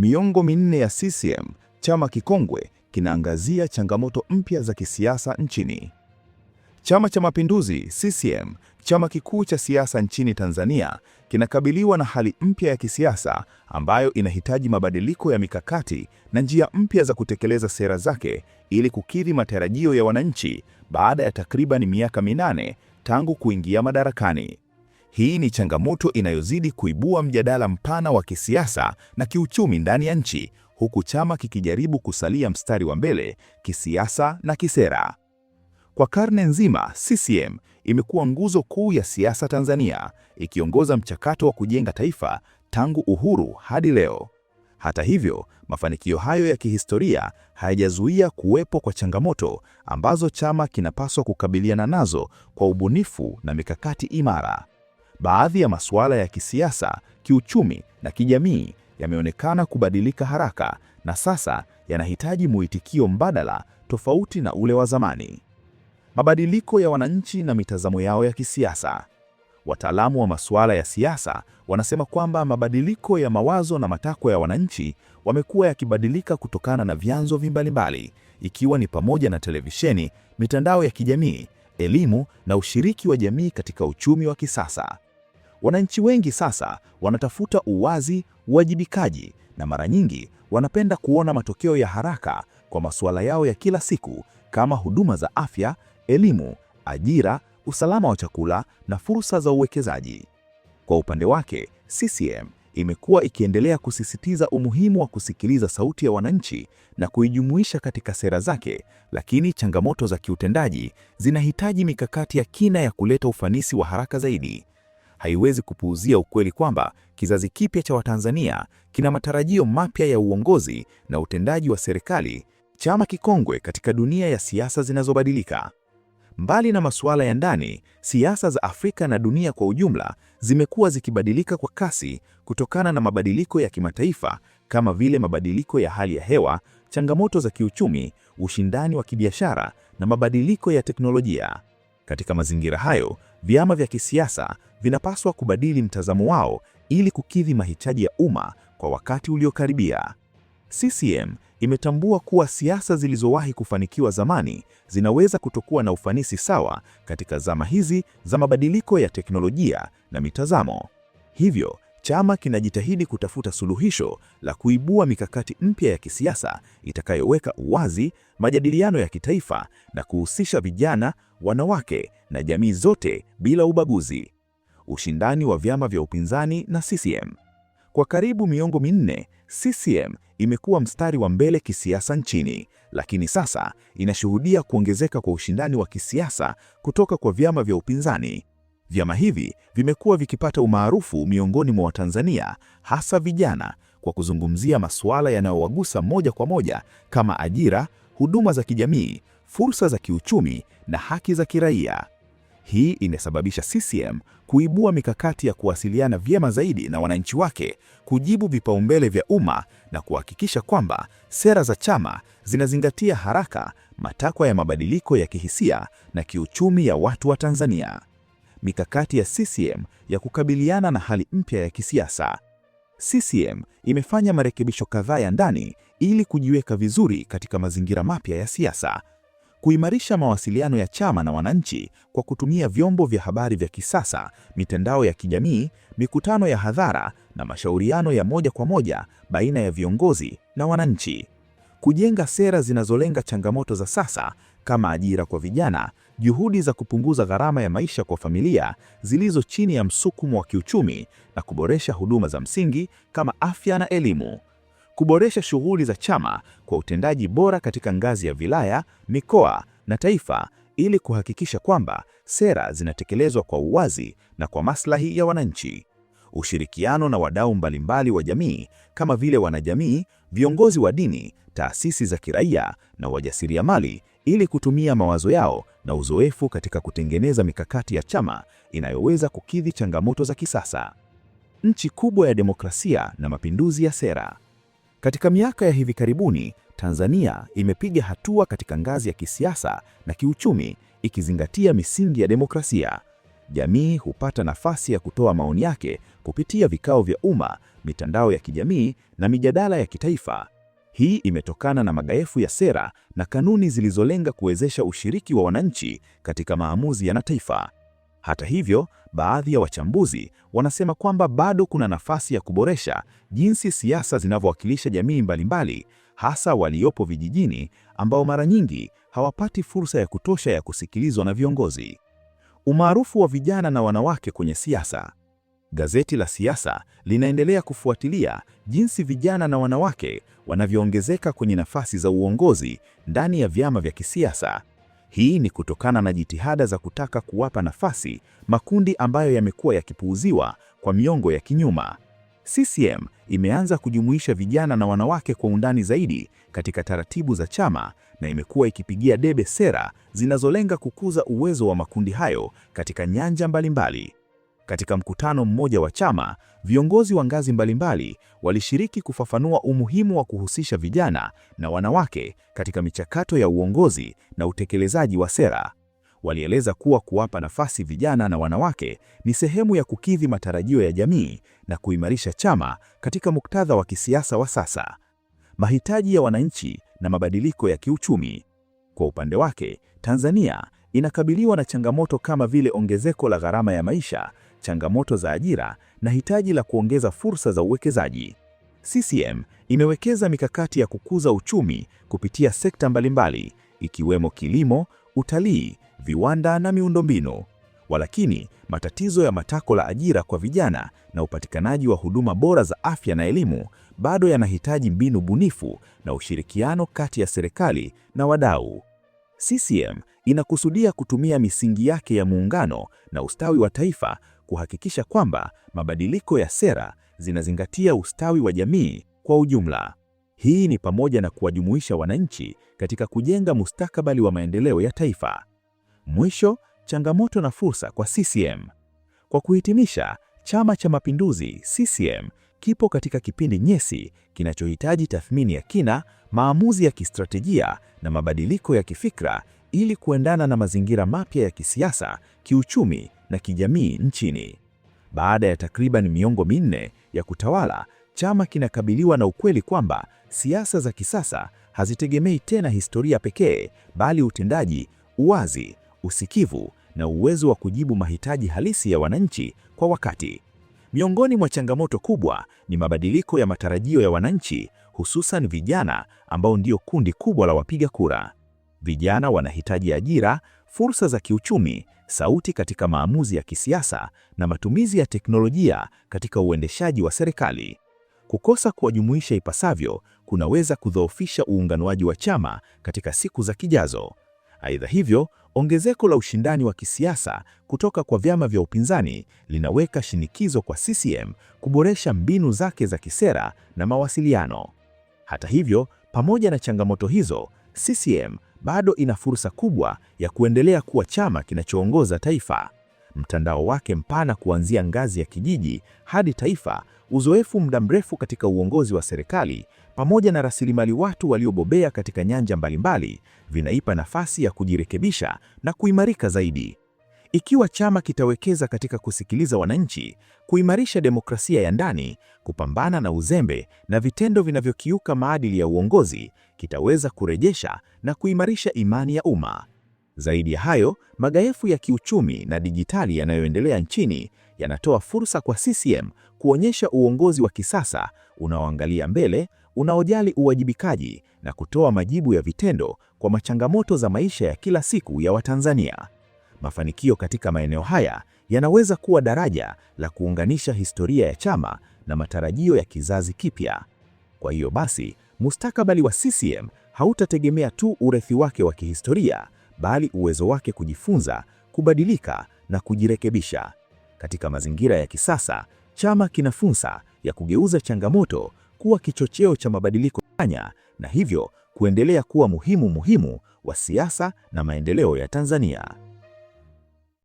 Miongo minne ya CCM, chama kikongwe, kinaangazia changamoto mpya za kisiasa nchini. Chama cha Mapinduzi CCM, chama kikuu cha siasa nchini Tanzania, kinakabiliwa na hali mpya ya kisiasa ambayo inahitaji mabadiliko ya mikakati na njia mpya za kutekeleza sera zake ili kukidhi matarajio ya wananchi baada ya takriban miaka minane tangu kuingia madarakani. Hii ni changamoto inayozidi kuibua mjadala mpana wa kisiasa na kiuchumi ndani ya nchi, huku chama kikijaribu kusalia mstari wa mbele kisiasa na kisera. Kwa karne nzima, CCM imekuwa nguzo kuu ya siasa Tanzania, ikiongoza mchakato wa kujenga taifa tangu uhuru hadi leo. Hata hivyo, mafanikio hayo ya kihistoria hayajazuia kuwepo kwa changamoto ambazo chama kinapaswa kukabiliana nazo kwa ubunifu na mikakati imara. Baadhi ya masuala ya kisiasa, kiuchumi na kijamii yameonekana kubadilika haraka na sasa yanahitaji muitikio mbadala tofauti na ule wa zamani. Mabadiliko ya wananchi na mitazamo yao ya kisiasa. Wataalamu wa masuala ya siasa wanasema kwamba mabadiliko ya mawazo na matakwa ya wananchi wamekuwa yakibadilika kutokana na vyanzo mbalimbali, ikiwa ni pamoja na televisheni, mitandao ya kijamii, elimu na ushiriki wa jamii katika uchumi wa kisasa. Wananchi wengi sasa wanatafuta uwazi, uwajibikaji na mara nyingi wanapenda kuona matokeo ya haraka kwa masuala yao ya kila siku kama huduma za afya, elimu, ajira, usalama wa chakula na fursa za uwekezaji. Kwa upande wake, CCM imekuwa ikiendelea kusisitiza umuhimu wa kusikiliza sauti ya wananchi na kuijumuisha katika sera zake, lakini changamoto za kiutendaji zinahitaji mikakati ya kina ya kuleta ufanisi wa haraka zaidi haiwezi kupuuzia ukweli kwamba kizazi kipya cha Watanzania kina matarajio mapya ya uongozi na utendaji wa serikali, chama kikongwe katika dunia ya siasa zinazobadilika. Mbali na masuala ya ndani, siasa za Afrika na dunia kwa ujumla zimekuwa zikibadilika kwa kasi kutokana na mabadiliko ya kimataifa kama vile mabadiliko ya hali ya hewa, changamoto za kiuchumi, ushindani wa kibiashara na mabadiliko ya teknolojia. Katika mazingira hayo, vyama vya kisiasa vinapaswa kubadili mtazamo wao ili kukidhi mahitaji ya umma kwa wakati uliokaribia. CCM imetambua kuwa siasa zilizowahi kufanikiwa zamani zinaweza kutokuwa na ufanisi sawa katika zama hizi za mabadiliko ya teknolojia na mitazamo. Hivyo, chama kinajitahidi kutafuta suluhisho la kuibua mikakati mpya ya kisiasa itakayoweka uwazi, majadiliano ya kitaifa na kuhusisha vijana, wanawake na jamii zote bila ubaguzi ushindani wa vyama vya upinzani na CCM. Kwa karibu miongo minne, CCM imekuwa mstari wa mbele kisiasa nchini, lakini sasa inashuhudia kuongezeka kwa ushindani wa kisiasa kutoka kwa vyama vya upinzani. Vyama hivi vimekuwa vikipata umaarufu miongoni mwa Watanzania, hasa vijana, kwa kuzungumzia masuala yanayowagusa moja kwa moja kama ajira, huduma za kijamii, fursa za kiuchumi na haki za kiraia. Hii inasababisha CCM kuibua mikakati ya kuwasiliana vyema zaidi na wananchi wake, kujibu vipaumbele vya umma na kuhakikisha kwamba sera za chama zinazingatia haraka matakwa ya mabadiliko ya kihisia na kiuchumi ya watu wa Tanzania. Mikakati ya CCM ya kukabiliana na hali mpya ya kisiasa. CCM imefanya marekebisho kadhaa ya ndani ili kujiweka vizuri katika mazingira mapya ya siasa kuimarisha mawasiliano ya chama na wananchi kwa kutumia vyombo vya habari vya kisasa, mitandao ya kijamii, mikutano ya hadhara na mashauriano ya moja kwa moja baina ya viongozi na wananchi, kujenga sera zinazolenga changamoto za sasa kama ajira kwa vijana, juhudi za kupunguza gharama ya maisha kwa familia zilizo chini ya msukumo wa kiuchumi na kuboresha huduma za msingi kama afya na elimu kuboresha shughuli za chama kwa utendaji bora katika ngazi ya wilaya, mikoa na taifa ili kuhakikisha kwamba sera zinatekelezwa kwa uwazi na kwa maslahi ya wananchi. Ushirikiano na wadau mbalimbali wa jamii kama vile wanajamii, viongozi wa dini, taasisi za kiraia na wajasiriamali ili kutumia mawazo yao na uzoefu katika kutengeneza mikakati ya chama inayoweza kukidhi changamoto za kisasa. Nchi kubwa ya demokrasia na mapinduzi ya sera. Katika miaka ya hivi karibuni, Tanzania imepiga hatua katika ngazi ya kisiasa na kiuchumi ikizingatia misingi ya demokrasia. Jamii hupata nafasi ya kutoa maoni yake kupitia vikao vya umma, mitandao ya kijamii na mijadala ya kitaifa. Hii imetokana na magaefu ya sera na kanuni zilizolenga kuwezesha ushiriki wa wananchi katika maamuzi ya taifa. Hata hivyo, baadhi ya wachambuzi wanasema kwamba bado kuna nafasi ya kuboresha jinsi siasa zinavyowakilisha jamii mbalimbali, hasa waliopo vijijini ambao mara nyingi hawapati fursa ya kutosha ya kusikilizwa na viongozi. Umaarufu wa vijana na wanawake kwenye siasa. Gazeti la Siasa linaendelea kufuatilia jinsi vijana na wanawake wanavyoongezeka kwenye nafasi za uongozi ndani ya vyama vya kisiasa. Hii ni kutokana na jitihada za kutaka kuwapa nafasi makundi ambayo yamekuwa yakipuuziwa kwa miongo ya kinyuma. CCM imeanza kujumuisha vijana na wanawake kwa undani zaidi katika taratibu za chama na imekuwa ikipigia debe sera zinazolenga kukuza uwezo wa makundi hayo katika nyanja mbalimbali. Katika mkutano mmoja wa chama, viongozi wa ngazi mbalimbali walishiriki kufafanua umuhimu wa kuhusisha vijana na wanawake katika michakato ya uongozi na utekelezaji wa sera. Walieleza kuwa kuwapa nafasi vijana na wanawake ni sehemu ya kukidhi matarajio ya jamii na kuimarisha chama katika muktadha wa kisiasa wa sasa, mahitaji ya wananchi na mabadiliko ya kiuchumi. Kwa upande wake, Tanzania inakabiliwa na changamoto kama vile ongezeko la gharama ya maisha changamoto za ajira na hitaji la kuongeza fursa za uwekezaji. CCM imewekeza mikakati ya kukuza uchumi kupitia sekta mbalimbali ikiwemo kilimo, utalii, viwanda na miundombinu. Walakini, matatizo ya matako la ajira kwa vijana na upatikanaji wa huduma bora za afya na elimu bado yanahitaji mbinu bunifu na ushirikiano kati ya serikali na wadau. CCM inakusudia kutumia misingi yake ya muungano na ustawi wa taifa kuhakikisha kwamba mabadiliko ya sera zinazingatia ustawi wa jamii kwa ujumla. Hii ni pamoja na kuwajumuisha wananchi katika kujenga mustakabali wa maendeleo ya taifa. Mwisho, changamoto na fursa kwa CCM. Kwa kuhitimisha, Chama cha Mapinduzi CCM kipo katika kipindi nyeti kinachohitaji tathmini ya kina, maamuzi ya kistratejia na mabadiliko ya kifikra ili kuendana na mazingira mapya ya kisiasa, kiuchumi na kijamii nchini. Baada ya takriban miongo minne ya kutawala, chama kinakabiliwa na ukweli kwamba siasa za kisasa hazitegemei tena historia pekee, bali utendaji, uwazi, usikivu na uwezo wa kujibu mahitaji halisi ya wananchi kwa wakati. Miongoni mwa changamoto kubwa ni mabadiliko ya matarajio ya wananchi, hususan vijana ambao ndio kundi kubwa la wapiga kura. Vijana wanahitaji ajira, fursa za kiuchumi, sauti katika maamuzi ya kisiasa na matumizi ya teknolojia katika uendeshaji wa serikali. Kukosa kuwajumuisha ipasavyo kunaweza kudhoofisha uunganuaji wa chama katika siku za kijazo. Aidha, hivyo ongezeko la ushindani wa kisiasa kutoka kwa vyama vya upinzani linaweka shinikizo kwa CCM kuboresha mbinu zake za kisera na mawasiliano. Hata hivyo, pamoja na changamoto hizo, CCM bado ina fursa kubwa ya kuendelea kuwa chama kinachoongoza taifa. Mtandao wake mpana kuanzia ngazi ya kijiji hadi taifa, uzoefu muda mrefu katika uongozi wa serikali, pamoja na rasilimali watu waliobobea katika nyanja mbalimbali, vinaipa nafasi ya kujirekebisha na kuimarika zaidi. Ikiwa chama kitawekeza katika kusikiliza wananchi, kuimarisha demokrasia ya ndani, kupambana na uzembe na vitendo vinavyokiuka maadili ya uongozi, kitaweza kurejesha na kuimarisha imani ya umma. Zaidi ya hayo, magaefu ya kiuchumi na dijitali yanayoendelea nchini yanatoa fursa kwa CCM kuonyesha uongozi wa kisasa unaoangalia mbele, unaojali uwajibikaji na kutoa majibu ya vitendo kwa machangamoto za maisha ya kila siku ya Watanzania. Mafanikio katika maeneo haya yanaweza kuwa daraja la kuunganisha historia ya chama na matarajio ya kizazi kipya. Kwa hiyo basi, mustakabali wa CCM hautategemea tu urithi wake wa kihistoria, bali uwezo wake kujifunza, kubadilika na kujirekebisha. Katika mazingira ya kisasa, chama kina fursa ya kugeuza changamoto kuwa kichocheo cha mabadiliko chanya na hivyo kuendelea kuwa muhimu muhimu wa siasa na maendeleo ya Tanzania.